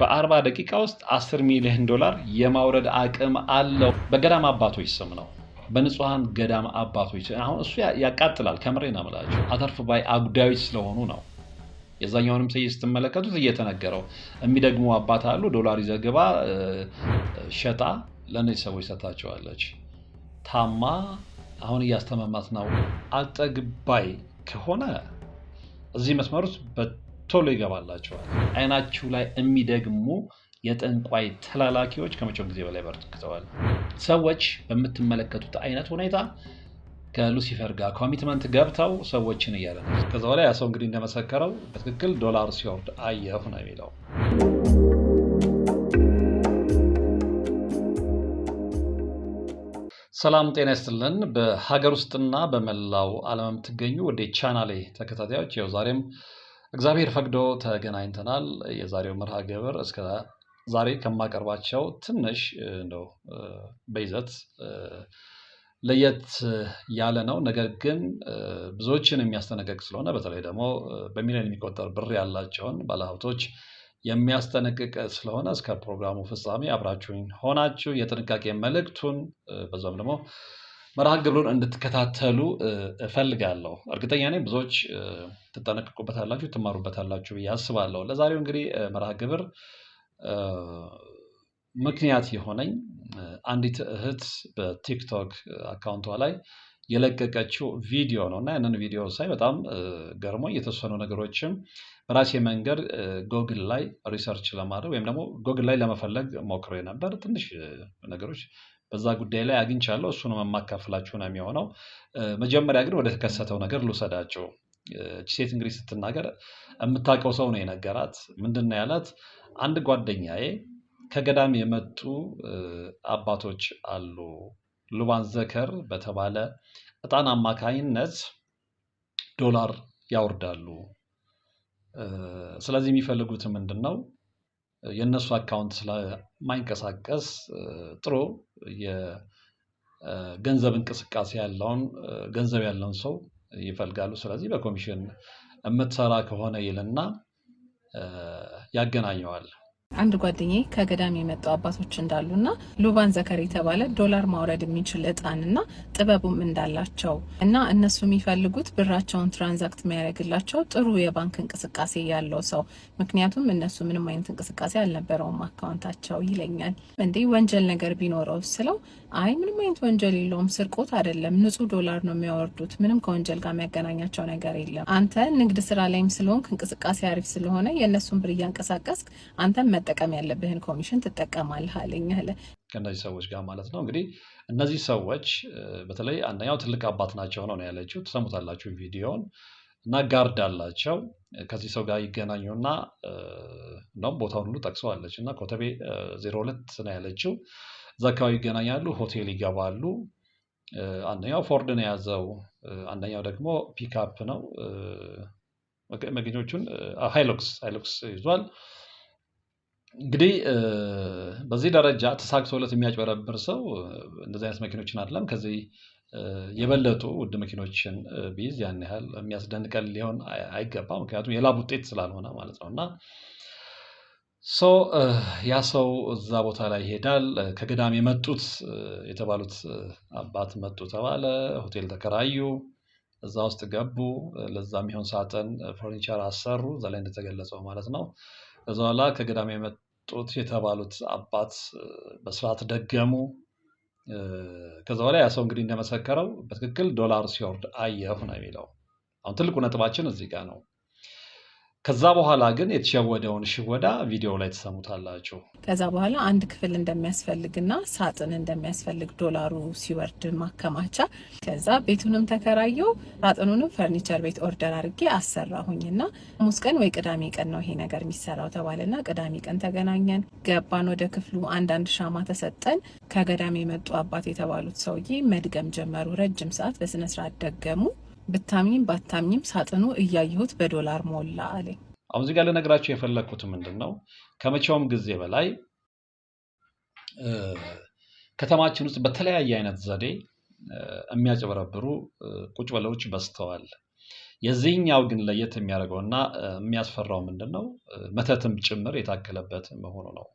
በአርባ ደቂቃ ውስጥ 10 ሚሊዮን ዶላር የማውረድ አቅም አለው። በገዳም አባቶች ስም ነው፣ በንጹሐን ገዳም አባቶች አሁን እሱ ያቃጥላል። ከምሬ ነው የምላቸው አተርፍ ባይ አጉዳዮች ስለሆኑ ነው። የዛኛውንም ሰይ ስትመለከቱት እየተነገረው የሚደግሙ አባት አሉ። ዶላር ይዘግባ ሸጣ ለእነዚህ ሰዎች ሰታቸዋለች። ታማ አሁን እያስተመማት ነው። አጠግባይ ከሆነ እዚህ መስመሩት ቶሎ ይገባላቸዋል። አይናችሁ ላይ የሚደግሙ የጠንቋይ ተላላኪዎች ከመቼውም ጊዜ በላይ በርትክተዋል። ሰዎች በምትመለከቱት አይነት ሁኔታ ከሉሲፈር ጋር ኮሚትመንት ገብተው ሰዎችን እያለ ነው። ከዛ በላይ ያ ሰው እንግዲህ እንደመሰከረው በትክክል ዶላር ሲወርድ አየሁ ነው የሚለው። ሰላም ጤና ይስጥልን። በሀገር ውስጥና በመላው ዓለም የምትገኙ ወደ ቻናሌ ተከታታዮች ዛሬም እግዚአብሔር ፈቅዶ ተገናኝተናል። የዛሬው መርሃ ግብር እስከ ዛሬ ከማቀርባቸው ትንሽ እንደው በይዘት ለየት ያለ ነው። ነገር ግን ብዙዎችን የሚያስጠነቅቅ ስለሆነ በተለይ ደግሞ በሚሊዮን የሚቆጠር ብር ያላቸውን ባለሀብቶች የሚያስጠነቅቅ ስለሆነ እስከ ፕሮግራሙ ፍጻሜ አብራችሁኝ ሆናችሁ የጥንቃቄ መልእክቱን በዛም ደግሞ መርሃ ግብሩን እንድትከታተሉ እፈልጋለሁ። እርግጠኛ ነኝ ብዙዎች ትጠነቀቁበታላችሁ፣ ትማሩበታላችሁ ብዬ አስባለሁ። ለዛሬው እንግዲህ መርሃ ግብር ምክንያት የሆነኝ አንዲት እህት በቲክቶክ አካውንቷ ላይ የለቀቀችው ቪዲዮ ነው እና ያንን ቪዲዮ ሳይ በጣም ገርሞ የተወሰኑ ነገሮችም በራሴ መንገድ ጎግል ላይ ሪሰርች ለማድረግ ወይም ደግሞ ጎግል ላይ ለመፈለግ ሞክሬ ነበር። ትንሽ ነገሮች በዛ ጉዳይ ላይ አግኝቻለሁ። እሱን የማካፍላችሁ ነው የሚሆነው። መጀመሪያ ግን ወደ ተከሰተው ነገር ልውሰዳቸው። ይህች ሴት እንግዲህ ስትናገር የምታውቀው ሰው ነው የነገራት። ምንድን ነው ያላት? አንድ ጓደኛዬ ከገዳም የመጡ አባቶች አሉ። ሉባን ዘከር በተባለ እጣን አማካኝነት ዶላር ያወርዳሉ። ስለዚህ የሚፈልጉት ምንድን ነው የእነሱ አካውንት ስለማይንቀሳቀስ ጥሩ የገንዘብ እንቅስቃሴ ያለውን ገንዘብ ያለውን ሰው ይፈልጋሉ። ስለዚህ በኮሚሽን የምትሰራ ከሆነ ይልና ያገናኘዋል አንድ ጓደኛ ከገዳም የመጡ አባቶች እንዳሉና ሉባን ዘከር የተባለ ዶላር ማውረድ የሚችል እጣንና ጥበቡም እንዳላቸው እና እነሱ የሚፈልጉት ብራቸውን ትራንዛክት የሚያደርግላቸው ጥሩ የባንክ እንቅስቃሴ ያለው ሰው፣ ምክንያቱም እነሱ ምንም አይነት እንቅስቃሴ አልነበረውም አካውንታቸው ይለኛል። እንዴ ወንጀል ነገር ቢኖረው ስለው፣ አይ ምንም አይነት ወንጀል የለውም፣ ስርቆት አይደለም፣ ንጹህ ዶላር ነው የሚያወርዱት፣ ምንም ከወንጀል ጋር የሚያገናኛቸው ነገር የለም። አንተ ንግድ ስራ ላይም ስለሆንክ እንቅስቃሴ አሪፍ ስለሆነ የእነሱን ብር እያንቀሳቀስክ አንተ መጠቀም ያለብህን ኮሚሽን ትጠቀማለህ አለኝ አለ። ከእነዚህ ሰዎች ጋር ማለት ነው እንግዲህ እነዚህ ሰዎች በተለይ አንደኛው ትልቅ አባት ናቸው ነው ያለችው። ትሰሙታላችሁ ቪዲዮን እና ጋርድ አላቸው። ከዚህ ሰው ጋር ይገናኙና እንደውም ቦታውን ሁሉ ጠቅሰዋለች እና ኮተቤ ዜሮ ሁለት ነው ያለችው። እዛ አካባቢ ይገናኛሉ፣ ሆቴል ይገባሉ። አንደኛው ፎርድ ነው የያዘው አንደኛው ደግሞ ፒክአፕ ነው መገኞቹን ሃይሎክስ ሃይሎክስ ይዟል። እንግዲህ በዚህ ደረጃ ተሳክቶለት የሚያጭበረብር ሰው እንደዚህ አይነት መኪኖችን አይደለም ከዚህ የበለጡ ውድ መኪኖችን ቢይዝ ያን ያህል የሚያስደንቀን ሊሆን አይገባም። ምክንያቱም የላብ ውጤት ስላልሆነ ማለት ነው እና ያ ሰው እዛ ቦታ ላይ ይሄዳል። ከገዳም የመጡት የተባሉት አባት መጡ ተባለ። ሆቴል ተከራዩ፣ እዛ ውስጥ ገቡ። ለዛ የሚሆን ሳጥን ፈርኒቸር አሰሩ፣ እዛ ላይ እንደተገለጸው ማለት ነው። እዛ ኋላ ከገዳም የመጡ ጡት የተባሉት አባት በስርዓት ደገሙ። ከዛ በላይ ያ ሰው እንግዲህ እንደመሰከረው በትክክል ዶላር ሲወርድ አየሁ ነው የሚለው። አሁን ትልቁ ነጥባችን እዚህ ጋር ነው። ከዛ በኋላ ግን የተሸወደውን ሽወዳ ቪዲዮ ላይ ተሰሙታላችሁ ከዛ በኋላ አንድ ክፍል እንደሚያስፈልግና ሳጥን እንደሚያስፈልግ ዶላሩ ሲወርድ ማከማቻ፣ ከዛ ቤቱንም ተከራየው ሳጥኑንም ፈርኒቸር ቤት ኦርደር አድርጌ አሰራሁኝና ሐሙስ ቀን ወይ ቅዳሜ ቀን ነው ይሄ ነገር የሚሰራው ተባለና ቅዳሜ ቀን ተገናኘን፣ ገባን ወደ ክፍሉ። አንዳንድ ሻማ ተሰጠን። ከገዳም የመጡ አባት የተባሉት ሰውዬ መድገም ጀመሩ። ረጅም ሰዓት በስነስርዓት ደገሙ። ብታምኝም ባታምኝም ሳጥኑ እያየሁት በዶላር ሞላ አለኝ። አሁን እዚህ ጋር ልነግራቸው የፈለግኩት ምንድን ነው ከመቼውም ጊዜ በላይ ከተማችን ውስጥ በተለያየ አይነት ዘዴ የሚያጭበረብሩ ቁጭ በለዎች በዝተዋል። የዚህኛው ግን ለየት የሚያደርገው እና የሚያስፈራው ምንድን ነው መተትም ጭምር የታከለበት መሆኑ ነው።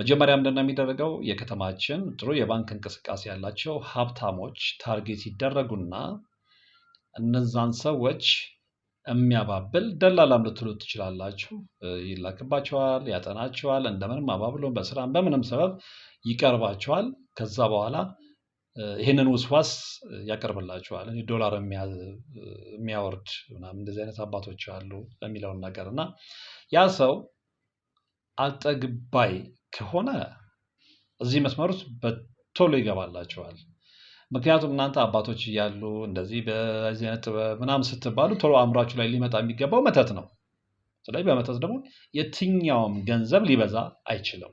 መጀመሪያ ምንድን ነው የሚደረገው? የከተማችን ጥሩ የባንክ እንቅስቃሴ ያላቸው ሀብታሞች ታርጌት ይደረጉና እነዛን ሰዎች የሚያባብል ደላላም ልትሉ ትችላላችሁ። ይላክባቸዋል፣ ያጠናቸዋል፣ እንደምንም አባብሎ በስራም በምንም ሰበብ ይቀርባቸዋል። ከዛ በኋላ ይህንን ውስዋስ ያቀርብላቸዋል። ዶላር የሚያወርድ ምናምን እንደዚህ አይነት አባቶች አሉ የሚለውን ነገር እና ያ ሰው አልጠግባይ ከሆነ እዚህ መስመሩት በቶሎ ይገባላቸዋል። ምክንያቱም እናንተ አባቶች እያሉ እንደዚህ በዚህ አይነት ምናምን ስትባሉ ቶሎ አእምሯችሁ ላይ ሊመጣ የሚገባው መተት ነው። ስለዚህ በመተት ደግሞ የትኛውም ገንዘብ ሊበዛ አይችልም።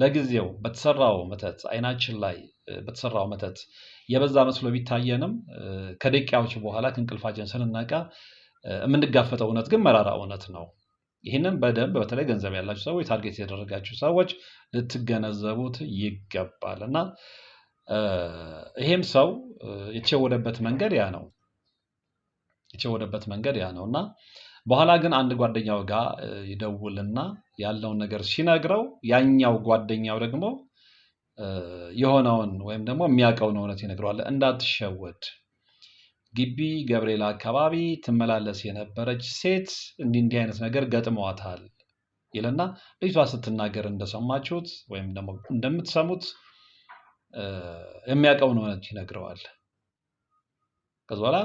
ለጊዜው በተሰራው መተት አይናችን ላይ በተሰራው መተት የበዛ መስሎ ቢታየንም ከደቂቃዎች በኋላ ከእንቅልፋችን ስንነቃ የምንጋፈጠው እውነት ግን መራራ እውነት ነው። ይህንን በደንብ በተለይ ገንዘብ ያላችሁ ሰዎች ታርጌት ያደረጋችሁ ሰዎች ልትገነዘቡት ይገባል እና ይሄም ሰው የተሸወደበት መንገድ ያ ነው። የተሸወደበት መንገድ ያ ነው እና በኋላ ግን አንድ ጓደኛው ጋር ይደውልና ያለውን ነገር ሲነግረው ያኛው ጓደኛው ደግሞ የሆነውን ወይም ደግሞ የሚያውቀውን እውነት ይነግረዋል። እንዳትሸወድ ግቢ ገብርኤል አካባቢ ትመላለስ የነበረች ሴት እንዲህ እንዲህ አይነት ነገር ገጥመዋታል ይለና ልጅቷ ስትናገር እንደሰማችሁት ወይም ደግሞ እንደምትሰሙት የሚያውቀው ነው ይነግረዋል። ከዚ በኋላ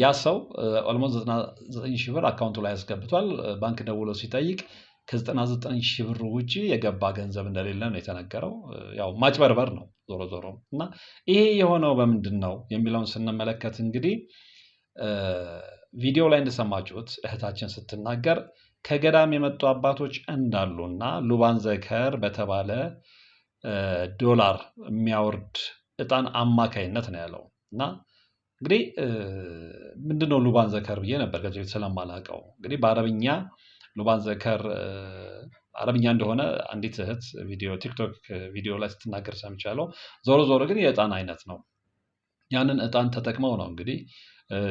ያ ሰው ኦልሞስት 99 ሺህ ብር አካውንቱ ላይ ያስገብቷል። ባንክ ደውሎ ሲጠይቅ ከ99 ሺህ ብር ውጭ የገባ ገንዘብ እንደሌለ ነው የተነገረው። ያው ማጭበርበር ነው ዞሮ ዞሮ እና ይሄ የሆነው በምንድን ነው የሚለውን ስንመለከት እንግዲህ ቪዲዮ ላይ እንደሰማችሁት እህታችን ስትናገር ከገዳም የመጡ አባቶች እና ሉባን ዘከር በተባለ ዶላር የሚያወርድ እጣን አማካይነት ነው ያለው እና እንግዲህ ምንድነው ሉባን ዘከር ብዬ ነበር ከዚህ በፊት ስለማላውቀው እንግዲህ በአረብኛ ሉባን ዘከር አረብኛ እንደሆነ አንዲት እህት ቪዲዮ ቲክቶክ ቪዲዮ ላይ ስትናገር ሰምቻለው ዞሮ ዞሮ ግን የእጣን አይነት ነው። ያንን እጣን ተጠቅመው ነው እንግዲህ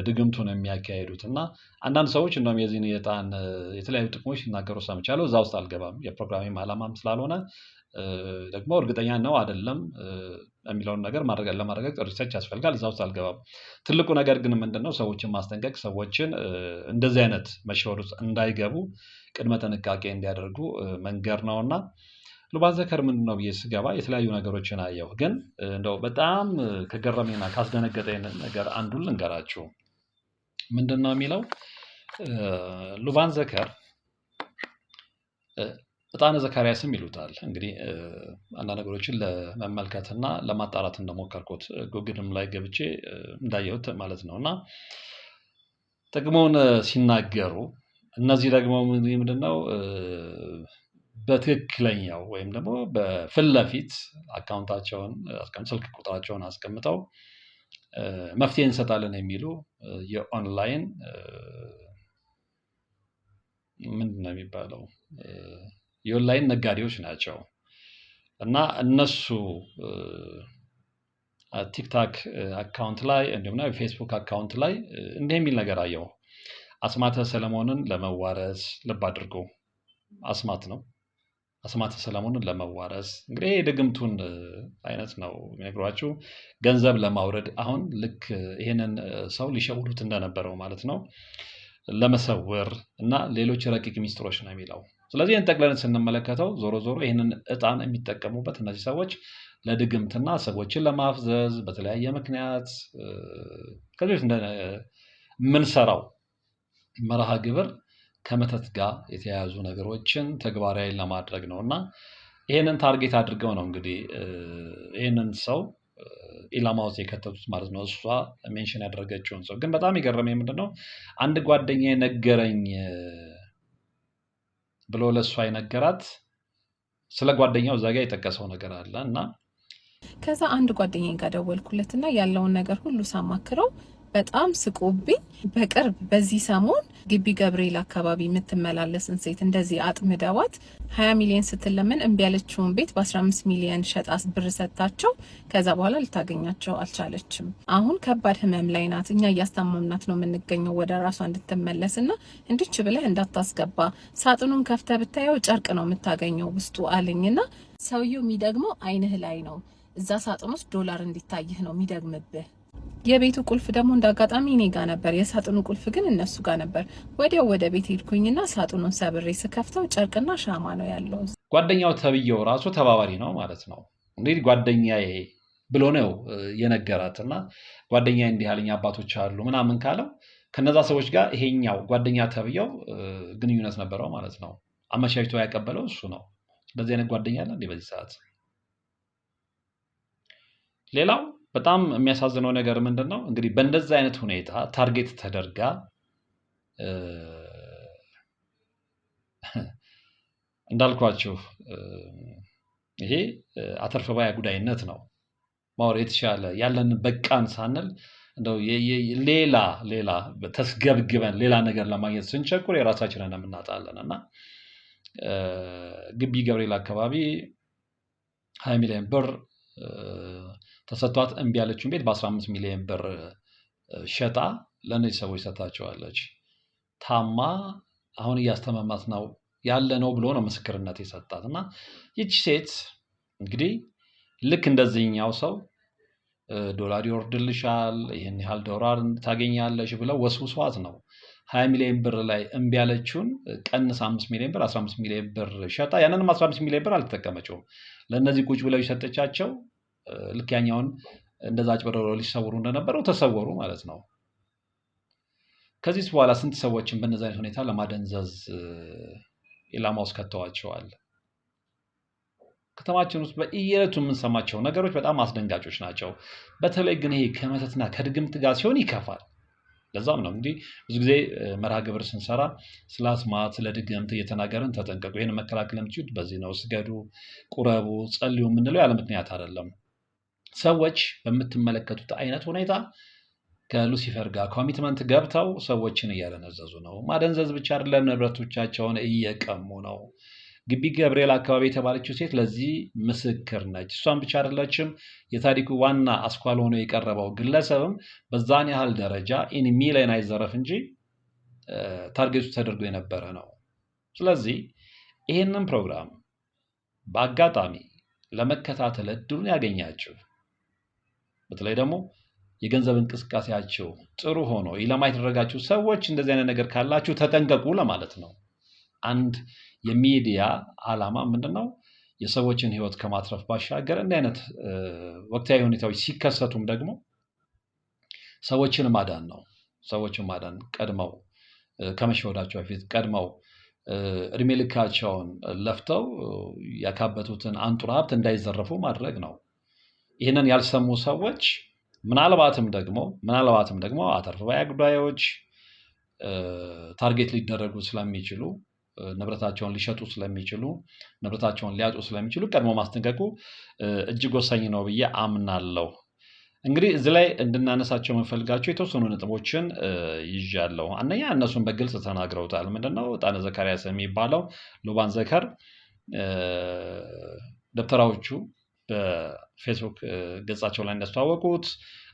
ድግምቱን የሚያካሄዱት እና አንዳንድ ሰዎች እንደውም የዚህን የዕጣን የተለያዩ ጥቅሞች ሲናገሩ ሰምቻለሁ። እዛ ውስጥ አልገባም የፕሮግራሜም ዓላማም ስላልሆነ ደግሞ እርግጠኛ ነው አይደለም የሚለውን ነገር ለማረጋገጥ ሪሰርች ያስፈልጋል። እዛ ውስጥ አልገባም። ትልቁ ነገር ግን ምንድነው ሰዎችን ማስጠንቀቅ፣ ሰዎችን እንደዚህ አይነት መሸወድ ውስጥ እንዳይገቡ ቅድመ ጥንቃቄ እንዲያደርጉ መንገድ ነውና ሉባዘከር ምንድን ነው ብዬ ስገባ የተለያዩ ነገሮችን አየው። ግን እንደው በጣም ከገረመኝና ካስደነገጠኝ ነገር አንዱ ልንገራችሁ። ምንድን ነው የሚለው ሉባን ዘከር እጣነ ዘካርያስም ይሉታል። እንግዲህ አንዳንድ ነገሮችን ለመመልከትና ለማጣራት እንደሞከርኩት ጉግልም ላይ ገብቼ እንዳየሁት ማለት ነው እና ጥቅሙን ሲናገሩ እነዚህ ደግሞ ምንድን ነው በትክክለኛው ወይም ደግሞ በፊት ለፊት አካውንታቸውን ስልክ ቁጥራቸውን አስቀምጠው መፍትሄ እንሰጣለን የሚሉ የኦንላይን ምንድነው የሚባለው የኦንላይን ነጋዴዎች ናቸው። እና እነሱ ቲክታክ አካውንት ላይ እንዲሁም ፌስቡክ አካውንት ላይ እንዲህ የሚል ነገር አየው አስማተ ሰለሞንን ለመዋረስ ልብ አድርጎ አስማት ነው አስማተ ሰለሞንን ለመዋረስ እንግዲህ የድግምቱን አይነት ነው የሚነግሯችሁ። ገንዘብ ለማውረድ አሁን ልክ ይሄንን ሰው ሊሸውዱት እንደነበረው ማለት ነው ለመሰወር እና ሌሎች ረቂቅ ሚስጥሮች ነው የሚለው። ስለዚህ ይህን ጠቅለን ስንመለከተው ዞሮ ዞሮ ይህንን እጣን የሚጠቀሙበት እነዚህ ሰዎች ለድግምትና ሰዎችን ለማፍዘዝ በተለያየ ምክንያት ከዚህ ምንሰራው መርሃ ግብር ከመተት ጋር የተያያዙ ነገሮችን ተግባራዊ ለማድረግ ነው እና ይህንን ታርጌት አድርገው ነው እንግዲህ ይህንን ሰው ኢላማ ውስጥ የከተቱት ማለት ነው። እሷ ሜንሽን ያደረገችውን ሰው ግን በጣም የገረመኝ የምንድነው አንድ ጓደኛ የነገረኝ ብሎ ለእሷ የነገራት ስለ ጓደኛው እዛ ጋ የጠቀሰው ነገር አለ እና ከዛ አንድ ጓደኛ ጋር እና ያለውን ነገር ሁሉ ሳማክረው በጣም ስቆብኝ በቅርብ በዚህ ሰሞን ግቢ ገብርኤል አካባቢ የምትመላለስን ሴት እንደዚህ አጥምደዋት ሀያ ሚሊዮን ስትለምን እምቢ ያለችውን ቤት በ15 ሚሊዮን ሸጣ ብር ሰጥታቸው ከዛ በኋላ ልታገኛቸው አልቻለችም። አሁን ከባድ ህመም ላይ ናት። እኛ እያስታመምናት ነው የምንገኘው ወደ ራሷ እንድትመለስ ና እንድች ብለህ እንዳታስገባ ሳጥኑን ከፍተ ብታየው ጨርቅ ነው የምታገኘው ውስጡ ና ሰውየው የሚደግመው አይንህ ላይ ነው። እዛ ሳጥን ውስጥ ዶላር እንዲታይህ ነው የሚደግምብህ የቤቱ ቁልፍ ደግሞ እንዳጋጣሚ እኔ ጋር ነበር። የሳጥኑ ቁልፍ ግን እነሱ ጋር ነበር። ወዲያው ወደ ቤት ሄድኩኝና ሳጥኑን ሰብሬ ስከፍተው ጨርቅና ሻማ ነው ያለው። ጓደኛው ተብዬው ራሱ ተባባሪ ነው ማለት ነው። እንግዲህ ጓደኛዬ ብሎ ነው የነገራት እና ጓደኛ እንዲህ ያለኝ አባቶች አሉ ምናምን ካለው ከነዛ ሰዎች ጋር ይሄኛው ጓደኛ ተብዬው ግንኙነት ነበረው ማለት ነው። አመቻችቶ ያቀበለው እሱ ነው። እንደዚህ አይነት ጓደኛ አለ በዚህ ሰዓት ሌላው በጣም የሚያሳዝነው ነገር ምንድን ነው እንግዲህ በእንደዚህ አይነት ሁኔታ ታርጌት ተደርጋ እንዳልኳችሁ ይሄ አተርፈባያ ጉዳይነት ነው። ማወር የተሻለ ያለን በቃን ሳንል እንደው ሌላ ሌላ ተስገብግበን ሌላ ነገር ለማግኘት ስንቸኩር የራሳችንን የምናጣለን እና ግቢ ገብርኤል አካባቢ ሀያ ሚሊዮን ብር ተሰጥቷት እምቢ ያለችውን ቤት በ15 ሚሊዮን ብር ሸጣ ለእነዚህ ሰዎች ሰጥታቸዋለች። ታማ አሁን እያስተመማት ነው ያለ ነው ብሎ ነው ምስክርነት የሰጣት እና ይቺ ሴት እንግዲህ ልክ እንደዚህኛው ሰው ዶላር ይወርድልሻል፣ ይህን ያህል ዶላር ታገኛለሽ ብለው ወስውሰዋት ነው ሀያ ሚሊዮን ብር ላይ እምቢ ያለችውን ቀንስ አምስት ሚሊዮን ብር አስራ አምስት ሚሊዮን ብር ሸጣ ያንንም አስራ አምስት ሚሊዮን ብር አልተጠቀመችውም። ለእነዚህ ቁጭ ብለው የሰጠቻቸው ልክ ያኛውን እንደዛ አጭበረብረው ሊሰውሩ እንደነበረው ተሰወሩ ማለት ነው። ከዚህ በኋላ ስንት ሰዎችን በነዚ አይነት ሁኔታ ለማደንዘዝ ኢላማ ውስጥ ከተዋቸዋል። ከተማችን ውስጥ በየዕለቱ የምንሰማቸው ነገሮች በጣም አስደንጋጮች ናቸው። በተለይ ግን ይሄ ከመተትና ከድግምት ጋር ሲሆን ይከፋል። ለዛም ነው እንግዲህ ብዙ ጊዜ መርሃ ግብር ስንሰራ ስለ አስማት፣ ስለ ድግምት እየተናገርን ተጠንቀቁ፣ ይህን መከላከል የምትችሉት በዚህ ነው፣ ስገዱ፣ ቁረቡ፣ ጸልዩ የምንለው ያለ ምክንያት አይደለም። ሰዎች በምትመለከቱት አይነት ሁኔታ ከሉሲፈር ጋር ኮሚትመንት ገብተው ሰዎችን እያደነዘዙ ነው። ማደንዘዝ ብቻ አይደለም፣ ንብረቶቻቸውን እየቀሙ ነው። ግቢ ገብርኤል አካባቢ የተባለችው ሴት ለዚህ ምስክር ነች። እሷን ብቻ አይደለችም። የታሪኩ ዋና አስኳል ሆኖ የቀረበው ግለሰብም በዛን ያህል ደረጃ ኢን ሚሊዮን አይዘረፍ እንጂ ታርጌቱ ተደርጎ የነበረ ነው። ስለዚህ ይህንን ፕሮግራም በአጋጣሚ ለመከታተል እድሉን ያገኛችሁ በተለይ ደግሞ የገንዘብ እንቅስቃሴያቸው ጥሩ ሆኖ ኢላማ የተደረጋችሁ ሰዎች እንደዚህ አይነት ነገር ካላችሁ ተጠንቀቁ ለማለት ነው። አንድ የሚዲያ ዓላማ ምንድነው? የሰዎችን ህይወት ከማትረፍ ባሻገር እንዲህ አይነት ወቅታዊ ሁኔታዎች ሲከሰቱም ደግሞ ሰዎችን ማዳን ነው። ሰዎችን ማዳን ቀድመው ከመሸወዳቸው በፊት ቀድመው እድሜ ልካቸውን ለፍተው ያካበቱትን አንጡራ ሀብት እንዳይዘረፉ ማድረግ ነው። ይህንን ያልሰሙ ሰዎች ምናልባትም ደግሞ ምናልባትም ደግሞ አተርፍ ጉዳዮች ታርጌት ሊደረጉ ስለሚችሉ ንብረታቸውን ሊሸጡ ስለሚችሉ ንብረታቸውን ሊያጡ ስለሚችሉ ቀድሞ ማስጠንቀቁ እጅግ ወሳኝ ነው ብዬ አምናለሁ። እንግዲህ እዚህ ላይ እንድናነሳቸው የምንፈልጋቸው የተወሰኑ ነጥቦችን ይዣለሁ። አንደኛ እነሱን በግልጽ ተናግረውታል። ምንድነው ጣነ ዘካርያስ የሚባለው? ሎባን ዘከር ደብተራዎቹ ፌስቡክ ገጻቸው ላይ እንዳስተዋወቁት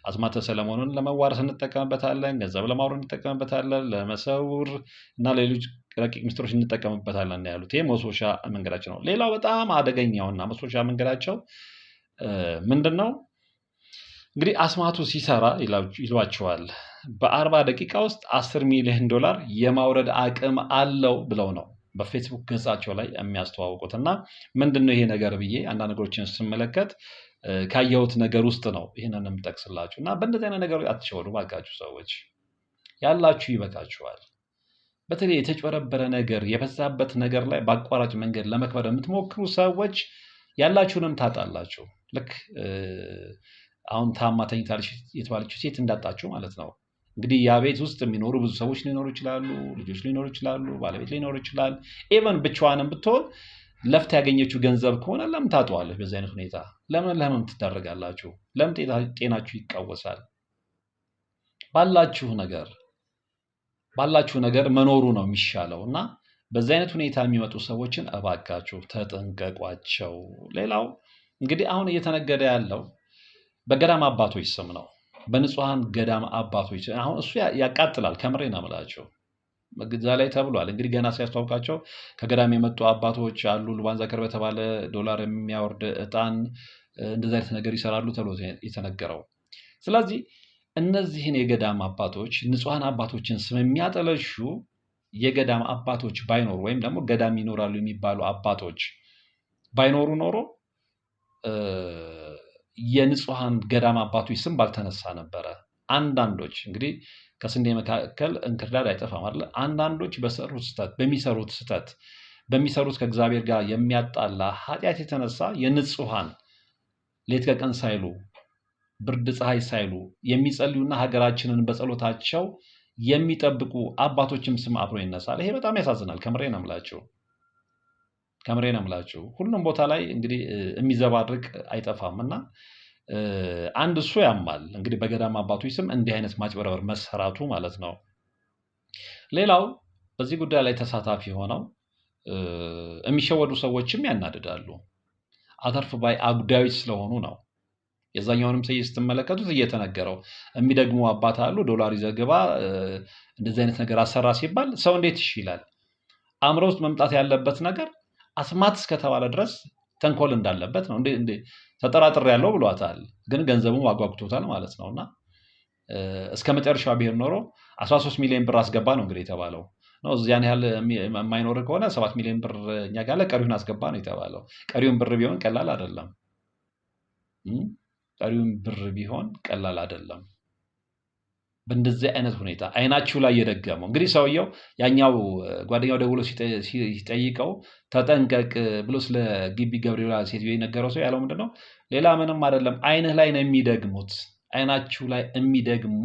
አስማተ ሰለሞንን ለመዋረስ እንጠቀምበታለን፣ ገንዘብ ለማውረድ እንጠቀምበታለን፣ ለመሰውር እና ለሌሎች ረቂቅ ሚስትሮች እንጠቀምበታለን ያሉት ይህ መሶሻ መንገዳቸው ነው። ሌላው በጣም አደገኛውና መሶሻ መንገዳቸው ምንድን ነው? እንግዲህ አስማቱ ሲሰራ ይሏቸዋል በአርባ ደቂቃ ውስጥ አስር ሚሊዮን ዶላር የማውረድ አቅም አለው ብለው ነው በፌስቡክ ገጻቸው ላይ የሚያስተዋውቁት እና ምንድን ነው ይሄ ነገር ብዬ አንዳንድ ነገሮችን ስመለከት ካየሁት ነገር ውስጥ ነው ይህንን የምጠቅስላችሁ እና በእንደዚህ አይነት ነገር አትሸወዱ ባካችሁ ሰዎች ያላችሁ ይበቃችኋል። በተለይ የተጭበረበረ ነገር የበዛበት ነገር ላይ በአቋራጭ መንገድ ለመክበር የምትሞክሩ ሰዎች ያላችሁንም ታጣላችሁ። ልክ አሁን ታማ ተኝታለች የተባለችው ሴት እንዳጣችሁ ማለት ነው። እንግዲህ ያ ቤት ውስጥ የሚኖሩ ብዙ ሰዎች ሊኖሩ ይችላሉ፣ ልጆች ሊኖሩ ይችላሉ፣ ባለቤት ሊኖሩ ይችላል። ኤቨን ብቻዋንም ብትሆን ለፍታ ያገኘችው ገንዘብ ከሆነ ለምን ታጠዋለች? በዚህ አይነት ሁኔታ ለምን ለህመም ትዳረጋላችሁ? ለምን ጤናችሁ ይቃወሳል? ባላችሁ ነገር ባላችሁ ነገር መኖሩ ነው የሚሻለው እና በዚህ አይነት ሁኔታ የሚመጡ ሰዎችን እባካችሁ ተጠንቀቋቸው። ሌላው እንግዲህ አሁን እየተነገደ ያለው በገዳም አባቶች ስም ነው፣ በንጹሐን ገዳም አባቶች አሁን እሱ ያቃጥላል። ከምሬ ነው የምላቸው እዛ ላይ ተብሏል እንግዲህ ገና ሲያስተዋውቃቸው ከገዳም የመጡ አባቶች አሉ ሉባን ዘከር በተባለ ዶላር የሚያወርድ እጣን እንደዚ አይነት ነገር ይሰራሉ ተብሎ የተነገረው። ስለዚህ እነዚህን የገዳም አባቶች ንጹሐን አባቶችን ስም የሚያጠለሹ የገዳም አባቶች ባይኖሩ ወይም ደግሞ ገዳም ይኖራሉ የሚባሉ አባቶች ባይኖሩ ኖሮ የንጹሐን ገዳም አባቶች ስም ባልተነሳ ነበረ። አንዳንዶች እንግዲህ ከስንዴ መካከል እንክርዳድ አይጠፋም አለ። አንዳንዶች በሰሩት ስህተት በሚሰሩት ስህተት በሚሰሩት ከእግዚአብሔር ጋር የሚያጣላ ኃጢአት የተነሳ የንጹሐን ሌት ከቀን ሳይሉ ብርድ ፀሐይ ሳይሉ የሚጸልዩና ሀገራችንን በጸሎታቸው የሚጠብቁ አባቶችም ስም አብሮ ይነሳል። ይሄ በጣም ያሳዝናል። ከምሬ ነው የምላችሁ፣ ከምሬ ነው የምላችሁ። ሁሉም ቦታ ላይ እንግዲህ የሚዘባርቅ አይጠፋም እና አንድ እሱ ያማል እንግዲህ በገዳም አባቶች ስም እንዲህ አይነት ማጭበረበር መሰራቱ ማለት ነው። ሌላው በዚህ ጉዳይ ላይ ተሳታፊ ሆነው የሚሸወዱ ሰዎችም ያናድዳሉ። አተርፍ ባይ አጉዳዮች ስለሆኑ ነው። የዛኛውንም ሰይ ስትመለከቱት እየተነገረው የሚደግሙ አባት አሉ። ዶላር ይዘግባ እንደዚህ አይነት ነገር አሰራ ሲባል ሰው እንዴት ይሽ ይላል። አእምሮ ውስጥ መምጣት ያለበት ነገር አስማት እስከተባለ ድረስ ተንኮል እንዳለበት ነው። ተጠራጥሬ ያለው ብሏታል፣ ግን ገንዘቡ አጓጉቶታል ማለት ነው። እና እስከ መጨረሻ ብሄር ኖሮ 13 ሚሊዮን ብር አስገባ ነው እንግዲህ የተባለው ነው። እዚያን ያህል የማይኖር ከሆነ ሰባት ሚሊዮን ብር እኛ ጋለ ቀሪውን አስገባ ነው የተባለው። ቀሪውን ብር ቢሆን ቀላል አይደለም። ቀሪውን ብር ቢሆን ቀላል አይደለም። በእንደዚህ አይነት ሁኔታ አይናችሁ ላይ የደገመው እንግዲህ ሰውየው ያኛው ጓደኛው ደውሎ ሲጠይቀው ተጠንቀቅ ብሎ ስለ ግቢ ገብርኤል ሴት የነገረው ሰው ያለው ምንድነው? ሌላ ምንም አይደለም፣ አይንህ ላይ ነው የሚደግሙት። አይናችሁ ላይ የሚደግሙ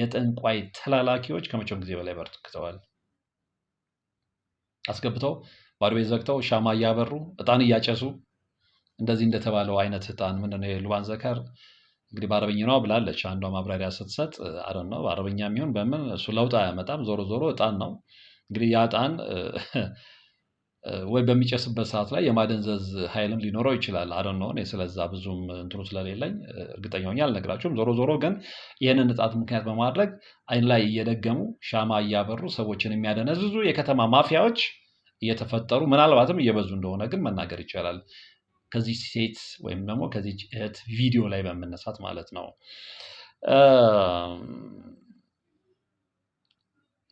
የጠንቋይ ተላላኪዎች ከመቼውም ጊዜ በላይ በርትክተዋል። አስገብተው ባዶ ቤት ዘግተው ሻማ እያበሩ እጣን እያጨሱ እንደዚህ እንደተባለው አይነት እጣን ምንድነው የሉባን ዘከር እንግዲህ በአረበኛ ነው ብላለች አንዷ ማብራሪያ ስትሰጥ አይ ነው በአረበኛ የሚሆን በምን እሱ ለውጥ አያመጣም። ዞሮ ዞሮ እጣን ነው እንግዲህ ያ እጣን ወይ በሚጨስበት ሰዓት ላይ የማደንዘዝ ኃይልም ሊኖረው ይችላል። አይ ነው እኔ ስለዛ ብዙም እንትኑ ስለሌለኝ እርግጠኛ ሆኜ አልነግራችሁም። ዞሮ ዞሮ ግን ይህንን እጣት ምክንያት በማድረግ አይን ላይ እየደገሙ ሻማ እያበሩ ሰዎችን የሚያደነዝዙ የከተማ ማፊያዎች እየተፈጠሩ ምናልባትም እየበዙ እንደሆነ ግን መናገር ይቻላል። ከዚህ ሴት ወይም ደግሞ ከዚህ እህት ቪዲዮ ላይ በመነሳት ማለት ነው።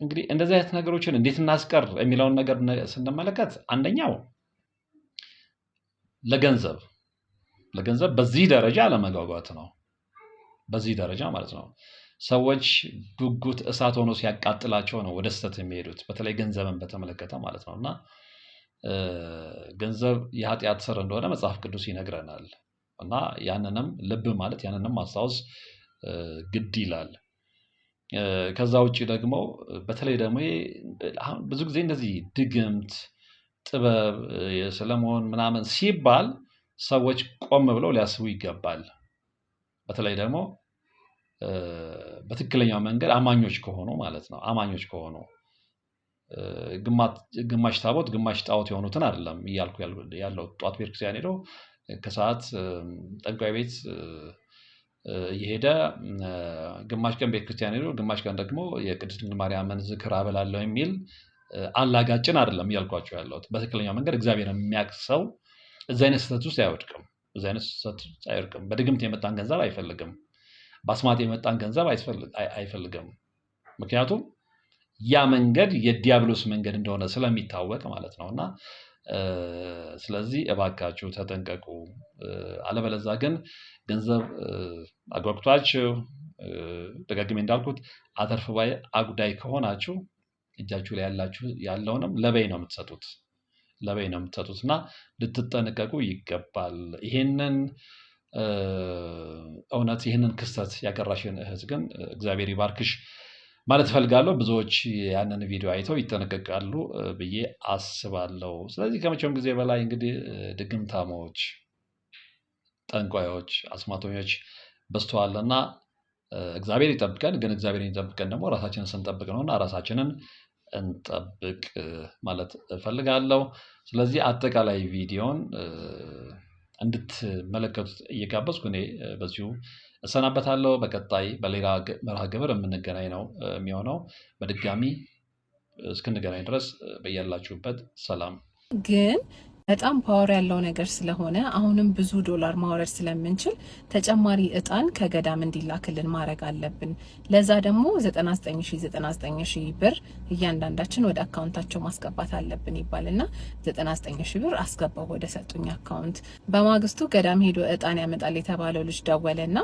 እንግዲህ እንደዚህ አይነት ነገሮችን እንዴት እናስቀር የሚለውን ነገር ስንመለከት አንደኛው ለገንዘብ ለገንዘብ በዚህ ደረጃ ለመጓጓት ነው። በዚህ ደረጃ ማለት ነው። ሰዎች ጉጉት እሳት ሆኖ ሲያቃጥላቸው ነው ወደ ስህተት የሚሄዱት፣ በተለይ ገንዘብን በተመለከተ ማለት ነው እና ገንዘብ የኃጢአት ስር እንደሆነ መጽሐፍ ቅዱስ ይነግረናል እና ያንንም ልብ ማለት ያንንም ማስታወስ ግድ ይላል። ከዛ ውጭ ደግሞ በተለይ ደግሞ ብዙ ጊዜ እንደዚህ ድግምት ጥበብ የሰለሞን ምናምን ሲባል ሰዎች ቆም ብለው ሊያስቡ ይገባል። በተለይ ደግሞ በትክክለኛው መንገድ አማኞች ከሆኑ ማለት ነው አማኞች ከሆኑ ግማሽ ታቦት ግማሽ ጣዖት የሆኑትን አይደለም እያልኩ ያለው ጠዋት ቤተክርስቲያን ሄደው ከሰዓት ጠንቋይ ቤት እየሄደ ግማሽ ቀን ቤተክርስቲያን ሄደው ግማሽ ቀን ደግሞ የቅድስት ድንግል ማርያምን ዝክር አበላለሁ የሚል አላጋጭን አይደለም እያልኳቸው ያለሁት። በትክክለኛው መንገድ እግዚአብሔር የሚያውቅ ሰው እዚ አይነት ስህተት ውስጥ አይወድቅም። እዚ አይነት ስህተት ውስጥ አይወድቅም። በድግምት የመጣን ገንዘብ አይፈልግም። በአስማት የመጣን ገንዘብ አይፈልግም። ምክንያቱም ያ መንገድ የዲያብሎስ መንገድ እንደሆነ ስለሚታወቅ ማለት ነው እና ስለዚህ እባካችሁ ተጠንቀቁ። አለበለዛ ግን ገንዘብ አጓጉቷችሁ ደጋግሜ እንዳልኩት አተርፍ ባይ አጉዳይ ከሆናችሁ እጃችሁ ላይ ያላችሁ ያለውንም ለበይ ነው የምትሰጡት ለበይ ነው የምትሰጡት እና ልትጠነቀቁ ይገባል። ይሄንን እውነት ይህንን ክስተት ያቀራሽን እህት ግን እግዚአብሔር ይባርክሽ። ማለት እፈልጋለሁ። ብዙዎች ያንን ቪዲዮ አይተው ይጠነቀቃሉ ብዬ አስባለሁ። ስለዚህ ከመቼውም ጊዜ በላይ እንግዲህ ድግምታሞች፣ ጠንቋዮች፣ አስማተኞች በዝተዋል እና እግዚአብሔር ይጠብቀን። ግን እግዚአብሔር ይጠብቀን ደግሞ ራሳችንን ስንጠብቅ እና ራሳችንን እንጠብቅ ማለት እፈልጋለሁ። ስለዚህ አጠቃላይ ቪዲዮን እንድትመለከቱት እየጋበዝኩ እኔ በዚሁ እሰናበታለሁ። በቀጣይ በሌላ መርሃ ግብር የምንገናኝ ነው የሚሆነው። በድጋሚ እስክንገናኝ ድረስ በያላችሁበት ሰላም ግን በጣም ፓወር ያለው ነገር ስለሆነ አሁንም ብዙ ዶላር ማውረድ ስለምንችል ተጨማሪ እጣን ከገዳም እንዲላክልን ማድረግ አለብን። ለዛ ደግሞ 9999 ብር እያንዳንዳችን ወደ አካውንታቸው ማስገባት አለብን ይባልና 99 ብር አስገባው ወደ ሰጡኝ አካውንት። በማግስቱ ገዳም ሄዶ እጣን ያመጣል የተባለው ልጅ ደወለና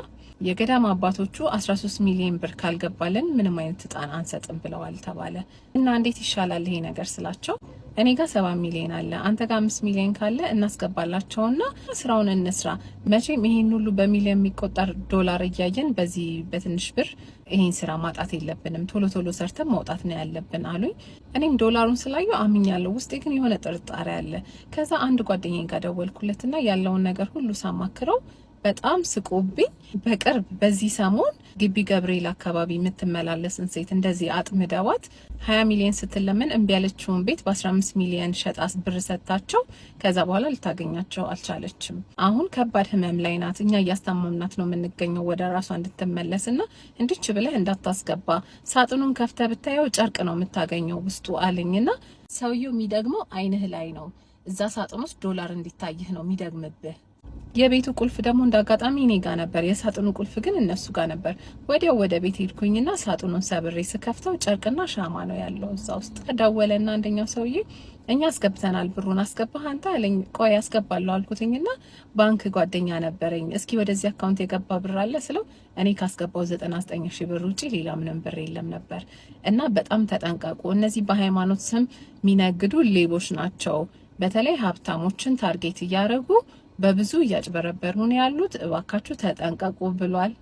የገዳም አባቶቹ 13 ሚሊዮን ብር ካልገባልን ምንም አይነት እጣን አንሰጥም ብለዋል ተባለ እና እንዴት ይሻላል ይሄ ነገር ስላቸው እኔ ጋር 7 ሚሊዮን አለ አንተ ጋር 5 ሚሊዮን ካለ እናስገባላቸውና ስራውን እንስራ። መቼም ይሄን ሁሉ በሚሊዮን የሚቆጠር ዶላር እያየን በዚህ በትንሽ ብር ይሄን ስራ ማጣት የለብንም፣ ቶሎ ቶሎ ሰርተን ማውጣት ነው ያለብን አሉኝ። እኔም ዶላሩን ስላየው አምኛለሁ፣ ውስጤ ግን የሆነ ጥርጣሬ አለ። ከዛ አንድ ጓደኛ ጋር ደወልኩለትና ያለውን ነገር ሁሉ ሳማክረው በጣም ስቆብኝ በቅርብ በዚህ ሰሞን ግቢ ገብርኤል አካባቢ የምትመላለስን ሴት እንደዚህ አጥምደዋት ሀያ ሚሊዮን ስትለምን እምቢ ያለችውን ቤት በ15 ሚሊዮን ሸጣስ ብር ሰጥታቸው ከዛ በኋላ ልታገኛቸው አልቻለችም። አሁን ከባድ ህመም ላይ ናት። እኛ እያስታመምናት ነው የምንገኘው ወደ ራሷ እንድትመለስ ና እንድች ብለህ እንዳታስገባ ሳጥኑን ከፍተ ብታየው ጨርቅ ነው የምታገኘው ውስጡ አለኝ ና ሰውየው የሚደግመው አይንህ ላይ ነው። እዛ ሳጥን ውስጥ ዶላር እንዲታይህ ነው የሚደግምብህ የቤቱ ቁልፍ ደግሞ እንደ አጋጣሚ እኔ ጋ ነበር። የሳጥኑ ቁልፍ ግን እነሱ ጋር ነበር። ወዲያው ወደ ቤት ሄድኩኝና ሳጥኑን ሰብሬ ስከፍተው ጨርቅና ሻማ ነው ያለው እዛ ውስጥ። ደወለና አንደኛው ሰውዬ እኛ አስገብተናል፣ ብሩን አስገባህ አንተ አለኝ። ቆይ አስገባለሁ አልኩትኝና ባንክ ጓደኛ ነበረኝ፣ እስኪ ወደዚህ አካውንት የገባ ብር አለ ስለው እኔ ካስገባው ዘጠና ዘጠኝ ሺህ ብር ውጪ ሌላ ምንም ብር የለም ነበር። እና በጣም ተጠንቀቁ፣ እነዚህ በሃይማኖት ስም የሚነግዱ ሌቦች ናቸው። በተለይ ሀብታሞችን ታርጌት እያደረጉ በብዙ እያጭበረበሩን ያሉት እባካችሁ ተጠንቀቁ ብሏል።